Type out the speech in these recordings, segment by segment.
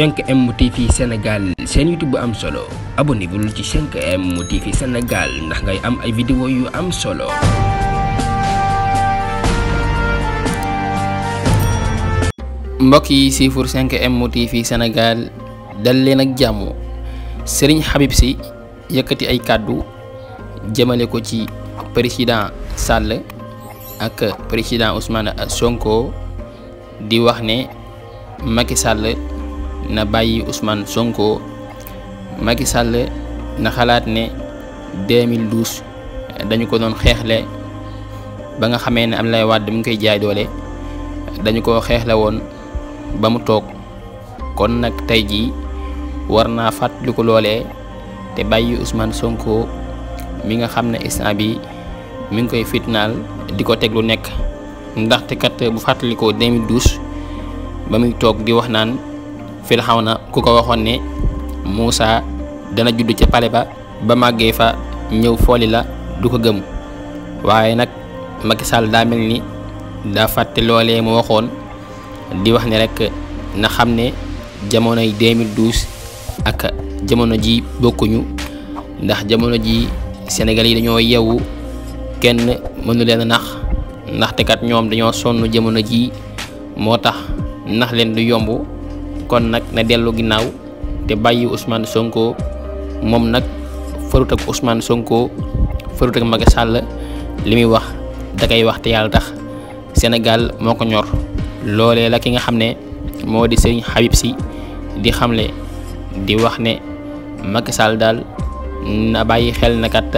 5M TV Sénégal seen YouTube bu am solo abonné bul ci 5M TV Sénégal ndax ngay am ay vidéo yu am solo. mbokk yi siifur 5M TV Sénégal dal leen ak jàmm Serigne Habib si yëkkati ay kàddu jëmale ko ci président sàll ak président Ousmane Sonko di wax ne Macky Sall. na bàyyi Ousmane Sonko Macky Sall na xalaat ne 2012 dañu ko doon xeexle ba nga xamee ne am lay Wade mu ngi koy jaay doole dañu ko xeexle woon ba mu toog kon nag tey jii war naa fàttali ko loolee te bàyyi Ousmane Sonko mi nga xam ne instant bi mu ngi koy fitnaal di ko teg lu nekk ndaxte kat bu fàttalikoo 2012 ba muy toog di wax naan. na ku ko waxoon ne Muusa dana juddu ca pale ba ba màggee fa ñëw fooli la du ko gëm waaye nag Macky Sall daa mel ni daa fàtte loole mu waxoon di wax ne rek na xam ne jamonoy 2012 ak jamono ji bokkuñu ndax jamono ji Sénégal yi dañoo yeewu kenn mënu leen a nax ndaxte kat ñoom dañoo sonn jamono ji moo tax nax leen du yomb kon nag na dellu ginnaaw te bàyyi Ousmane Sonko moom nag farut ak Ousmane Sonko farut ak Macky Sall li muy wax da koy wax te yàlla tax Sénégal moo ko ñor loole la ki nga xam ne moo di sëriñ Habib Sy di xamle di wax ne Macky Sall daal na bàyyi xel na kat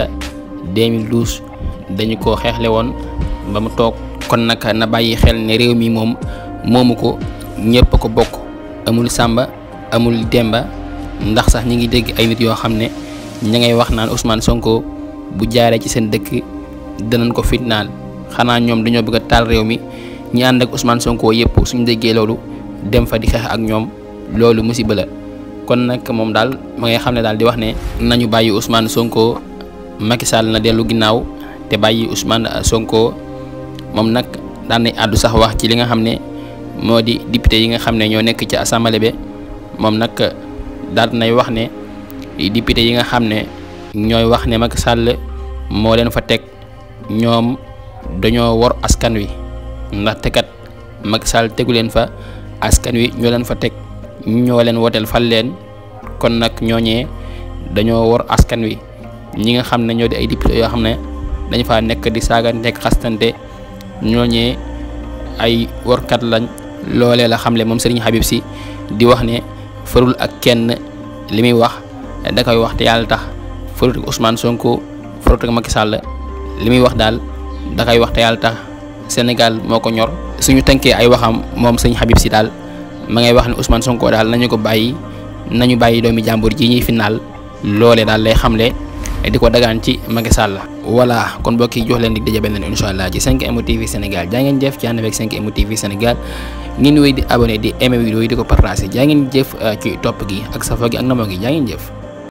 2012 dañu ko xeexle woon ba mu toog kon nag na bàyyi xel ne réew mi moom moomu ko ñëpp ko bokk. amul Samba amul Demba ndax sax ñi ngi dégg ay nit yoo xam ne ña ngay wax naan Ousmane Sonko bu jaaree ci seen dëkk danañ ko fitnaal xanaa ñoom dañoo bëgg a taal réew mi ñi ànd ak Ousmane Sonko yëpp suñu déggee loolu dem fa di xeex ak ñoom loolu musiba la kon nag moom daal ma ngay xam ne daal di wax ne nañu bàyyi Ousmane Sonko Macky Sall na dellu ginnaaw te bàyyi Ousmane Sonko moom nag daan nay àddu sax wax ci li nga xam ne moo di député yi nga xam ne ñoo nekk ci assemblée be moom nag daal nay wax ne député yi nga xam ne ñooy wax ne mag Sall moo leen fa teg ñoom dañoo wor askan wi ndaxte kat Macky Sall tegu leen fa askan wi ñoo leen fa teg ñoo leen wooteel fal leen kon nag ñooñee dañoo wor askan wi ñi nga xam ne ñoo di ay député yoo xam ne dañ faa nekk di saagante ak xastante ñooñee ay workat lañ loole la xamle moom sëriñ Habib si di wax ne farul ak kenn li muy wax da koy wax te yàlla tax farut ak Ousmane Sonko farut ak Macky Sall li muy wax daal da koy wax te yàlla tax Sénégal moo ko ñor suñu tënkee ay waxam moom sëriñ Habib si daal ma ngay wax ne Ousmane Sonko daal nañu ko bàyyi nañu bàyyi doomi jàmbur ji ñuy finnaal loole daal lay xamle di ko dagaan ci Macky la voilà kon mbokk yi jox leen dig daje beneen incha allah ci 5M TV Sénégal jaa ngeen jëf ci ànd ak 5M TV Sénégal ngeen wéy di abonné di aimé vidéo di ko partagé jaa ngeen jëf euh, ci topp gi ak safo gi ak namoo gi jaa ngeen jëf.